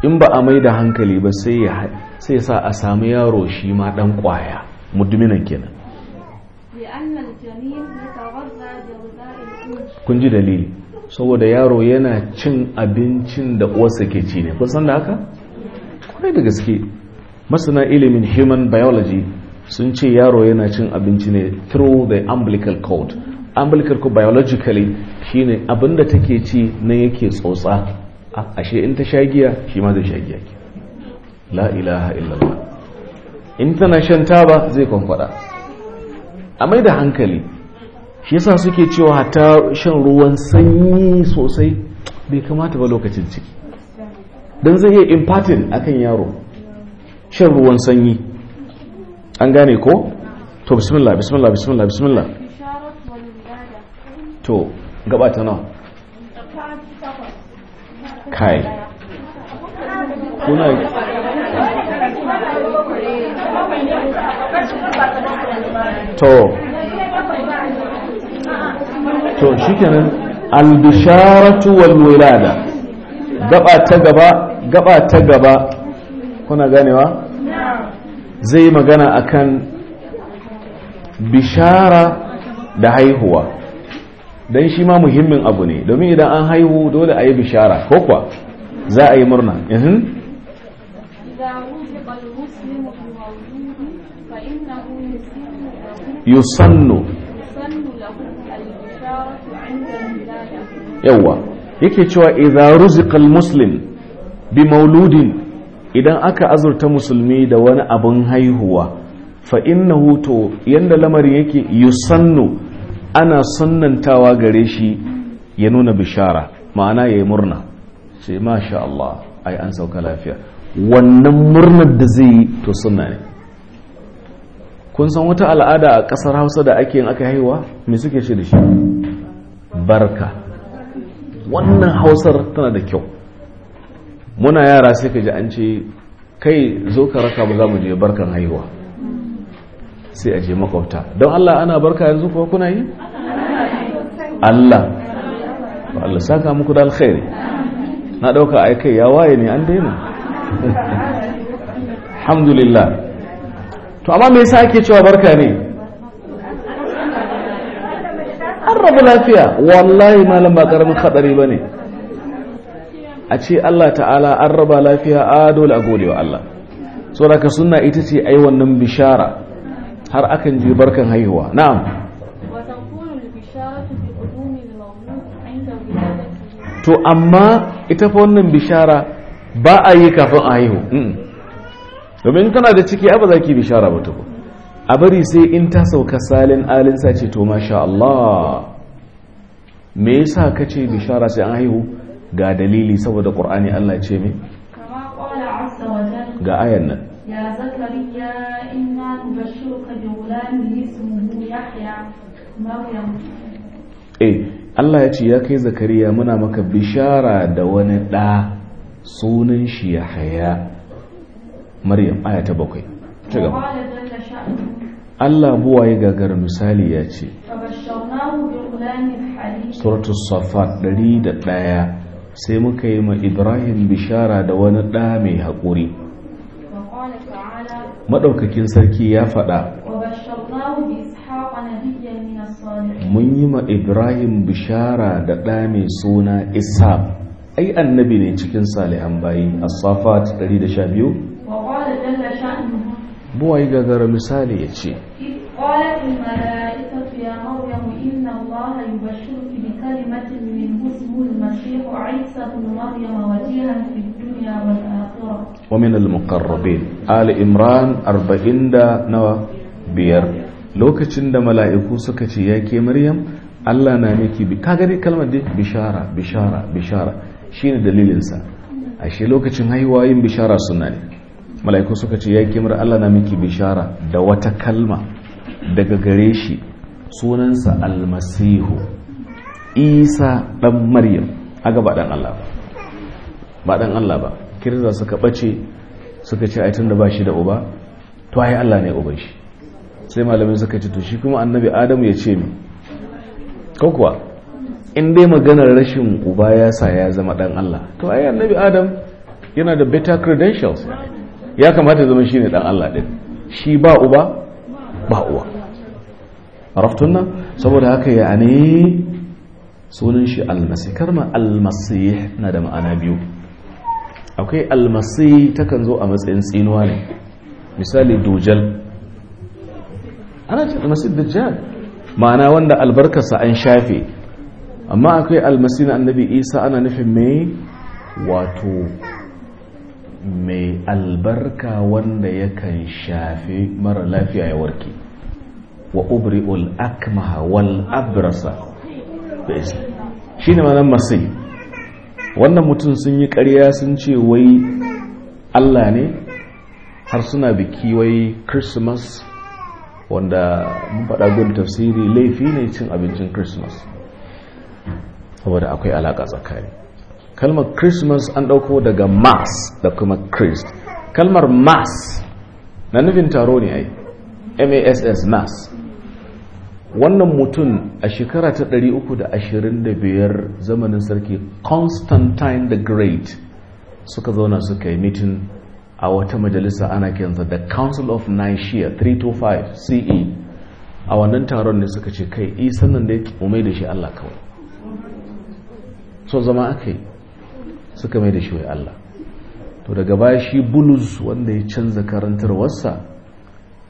in ba a mai da hankali ba sai ya sai sa a samu yaro shi ma dan kwaya mudduminan kenan kun ji dalili saboda yaro yana cin abincin da uwarsa ke ci ne kun san da haka kwarai da gaske masana ilimin human biology sun ce yaro yana cin abinci ne through the umbilical cord umbilical cord biologically shine abinda take ci na yake tsotsa ashe in ta sha giya shi ma zai sha giya la ilaha illallah in tana shan taba zai kwankwada a mai da hankali shi yasa suke cewa ta shan ruwan sanyi sosai bai kamata ba lokacin ciki don zai iya impatin akan yaro shan ruwan sanyi an gane ko to bismillah bismillah bismillah bismillah to gaba ta nawa kai kuna to to shikenan albisharatu wal wilada gaba ta gaba gaba ta gaba kuna ganewa zai magana akan bishara da haihuwa don shi ma muhimmin abu ne domin idan an haihu dole a yi bishara ko kuwa za a yi murna yusannu yawa yake cewa idza ruziqal muslim bi mauludin idan aka azurta musulmi da wani abin haihuwa fa innahu to yanda lamarin yake yusannu ana sunnantawa gare shi ya nuna bishara ma'ana yayi murna sai masha Allah ai an sauka lafiya wannan murnar da zai yi to sunna ne kun san wata al'ada a ƙasar hausa da ake yin aka haihuwa mai suke shi da shi barka wannan hausar tana da kyau muna yara sai ka ji an ce kai zo ka raka ba za mu je barkan haihuwa sai a je makwabta don allah ana barka yanzu kuwa kuna yi allah allah saka muku da alkhairi na ɗauka aikai ya waye ne an daina *laughs* alhamdulillah to amma me yasa ake cewa barka ne an rabu lafiya wallahi malam ba karamin hadari ne. a ce Allah ta'ala an raba lafiya a dole a gode wa Allah saboda suna ita ce ai wannan bishara har akan je barkan haihuwa na'am to amma ita fa wannan bishara ba a yi kafin a haihu mm. domin tana da ciki ai ba za ki bishara ba tuku. a bari sai in ta sauka salin alin ce to masha Allah me yasa kace bishara sai an haihu ga dalili saboda ƙur'ani Allah ce me ga ayan nan ya zakariya inna bi ismuhu yahya maryam eh Allah ya ce ya kai zakariya muna maka bishara da wani ɗa sunan shi ya haya maryam aya ta bakwai ta gaba Allah ya gagar misali ya ce suratu da ɗaya sai muka yi ma ibrahim bishara da wani ɗa mai haƙuri maɗaukakin sarki ya faɗa mun yi ma ibrahim bishara da ɗa mai suna isa ai annabi ne cikin salihan bayi a safat 112 buwayi ga gara misali ya ce. wani tun mara ya yi imran arba'in da nawa biyar lokacin da mala'iku suka ce yake maryam allah na miki niki bishara bishara bishara shine dalilinsa ashe lokacin haihuwar yin bishara suna ne. mala'iku suka ce ya kimar Allah na miki bishara da wata kalma daga gare shi sunansa almasihu isa dan maryam aga ba dan Allah ba ba dan Allah ba kirza suka bace suka ce tun da ba shi da uba to ai Allah ne uban shi sai malamin suka ce to shi kuma annabi adamu ya ce mi ko kuwa in dai maganar rashin uba ya sa ya zama dan Allah to ai annabi adam yana da better credentials ya kamata zama shi ne ɗan Allah ɗin shi ba uba ba uwa raftun nan saboda haka ya ne sunan shi almasi karma almasi na da ma'ana biyu akwai almasi takan zo a matsayin tsinuwa ne misali dujal ana ce almasi dujal ma'ana wanda albarkarsa an shafe amma akwai almasi na annabi isa ana nufin mai wato mai albarka wanda ya kan shafi mara lafiya ya warke wa ubri'ul akmaha wal abrasa shi ne manan masai wannan mutum sun yi ƙarya sun ce wai allah ne har suna biki wai christmas wanda mun faɗa gudun tafsiri laifi ne cin abincin christmas saboda akwai alaƙa tsakani kalmar christmas an ɗauko daga mass da kuma christ kalmar mass na nufin taro ne ai mass mass wannan mutum a shekara ta 325 zamanin sarki constantine the great suka zauna suka yi mitin a wata majalisa ana kyanza the council of nicaea 325 ce a wannan taron ne suka ce kai isan eh, nan da ya umai da shi allah kawai so zama aka yi suka mai da shi wai Allah to daga baya shi bulus wanda ya canza karantar wasa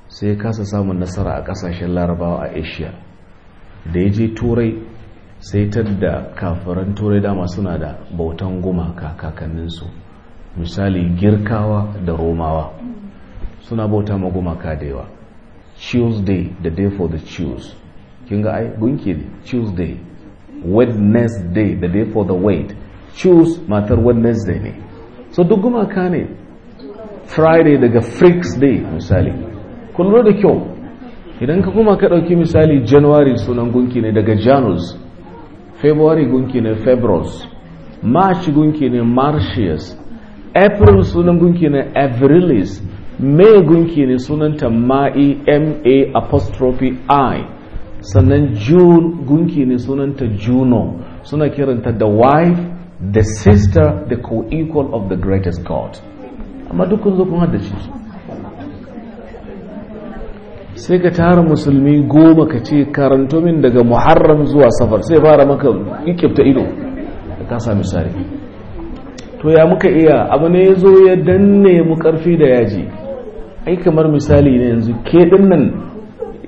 sai ya kasa samun nasara a kasashen larabawa a asia da ya je turai sai da kafiran turai dama suna da bautan gumaka kakanninsu misali girkawa da romawa suna bauta ma gumaka da yawa tuesday the day for the chews kin ai gunki tuesday wednesday the day for the wait choose matar wednesday ne so duk gumaka ne friday daga freaks day misali kullum da kyau idan ka kuma ka ɗauki misali january sunan gunki ne daga janus february gunki ne febros march gunki ne martius april sunan gunki ne avrilis may gunki ne sunanta ma'i ma apostrophe i sannan june gunki ne sunanta juno suna kiranta the wife the sister the co-equal of the greatest god amma duk sai ka tara musulmi goma ka ce karanto min daga muharram zuwa safar sai fara maka ikifta ido da kasa misali to ya muka iya abu ne ya zo ya danne mu karfi da yaji ai kamar misali ne yanzu ke dinnan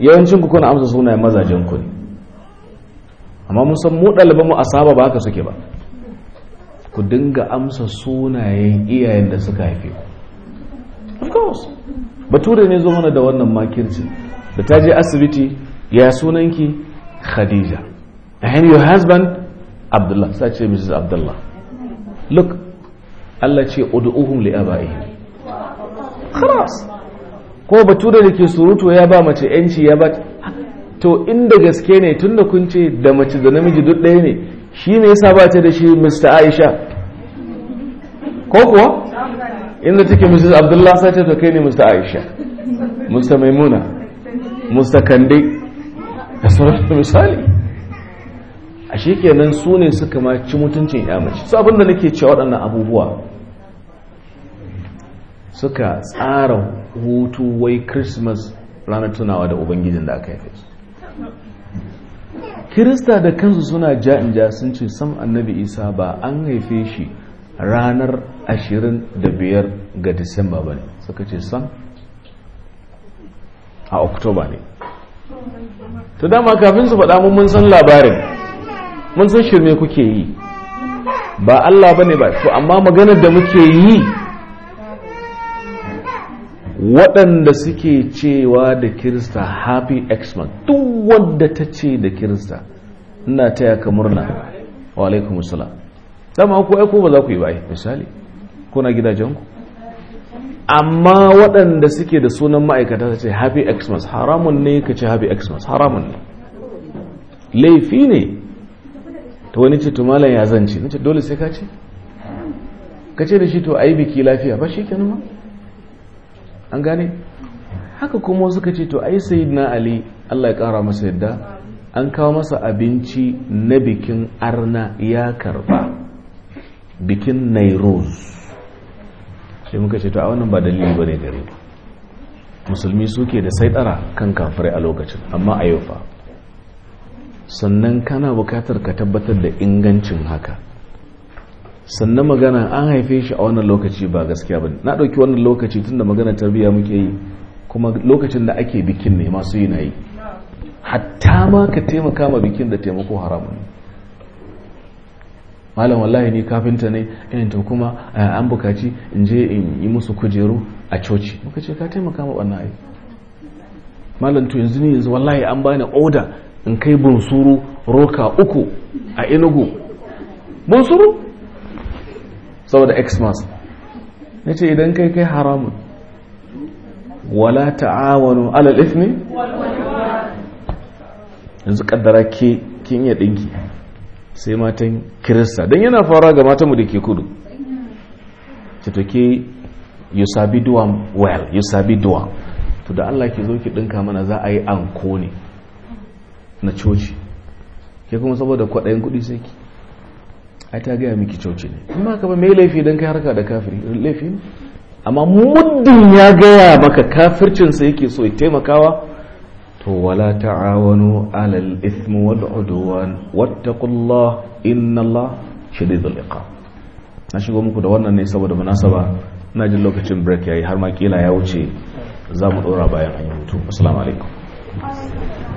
yawancin ku kuna amsa sunayen mazajen ku ne amma mun san mu ɗaliban mu asaba ba haka suke ba ku dinga amsa sunayen iyayen da suka haife ku of course bature ne zo mana da wannan makirci da ta je asibiti ya sunanki khadija and your husband abdullah sai ce mrs abdullah look Allah ce ud'uhum li abaihim khalas ko bature da ke surutu ya ba mace yanci ya ba to inda gaske ne tunda kun ce da mace da namiji duk ɗaya ne shi ne yasa ba ta da shi Mr. Aisha ko kuwa inda take mrs abdullah sai ta kai ne mr aisha mr maimuna mr kande da sauransu *laughs* misali a shekenan su ne suka maci mutuncin yamaci su abinda nake cewa waɗannan abubuwa suka tsara hutu wai christmas ranar tunawa da ubangijin da aka haife kirista da kansu suna ja'in ja sun ce sam annabi isa ba an haife shi ranar ashirin da biyar ga disamba ba ne suka ce son a oktoba ne ta dama kafin su faɗa mun san labarin mun san shirme kuke yi ba Allah ba ne ba su amma maganar da muke yi waɗanda suke cewa da kirista happy x-man duk wadda ta ce da kirista ina taya ka murna wa alaikumussalam dama ku aiko ba za ku yi ba misali kuna gidajenku amma waɗanda suke da sunan ma'aikata su ce happy xmas haramun ne ka ce happy xmas haramun ne laifi ne ta wani ce tumalan ya zance na ce dole sai ka ce ka ce da shi to a yi biki lafiya ba shi kenan ma an gane haka kuma wasu ka ce to ai sayyidina ali allah ya kara masa yadda an kawo masa abinci na bikin arna ya karba bikin Nairobi. sai muka ce to a wannan ba dalili bane gare musulmi suke da saitara kan kafirai a lokacin amma a yau fa sannan kana bukatar ka tabbatar da ingancin haka sannan magana an haife shi a wannan lokaci ba gaskiya ba na ɗauki wannan lokaci tunda magana tarbiyya muke yi kuma lokacin da ake bikin ne masu yi na yi hatta ma ka taimaka ma bikin da taimako haramun ne malam wallahi ni kafinta ne irin eh, to kuma eh, an bukaci in je in yi musu kujeru a coci muka ce ka taimaka ma wannan ai malam to yanzu ne yanzu wallahi an bani oda in kai bunsuru roka uku a inugu bunsuru saboda xmas na ce idan kai kai haramun wala ta'awanu alal ismi yanzu kaddara ke kin iya dinki sai matan kirista don yana fara ga matanmu da ke kudu ta toke you sabi duwa well you sabi to da allah ke zo ki ɗinka mana za a yi anko ne na coci ke kuma saboda kwaɗayin kuɗi sai ki ai ta gaya miki coci ne in ma ba mai laifi don kai harka da kafiri laifi ne amma muddin ya gaya maka kafircinsa yake so ya taimakawa ولا تعاونوا على الإثم والعدوان واتقوا الله إن الله شديد العقاب na shigo muku da wannan ne saboda munasaba na jin lokacin break yayi har ma kila ya wuce za mu dora bayan an yi hutu assalamu alaikum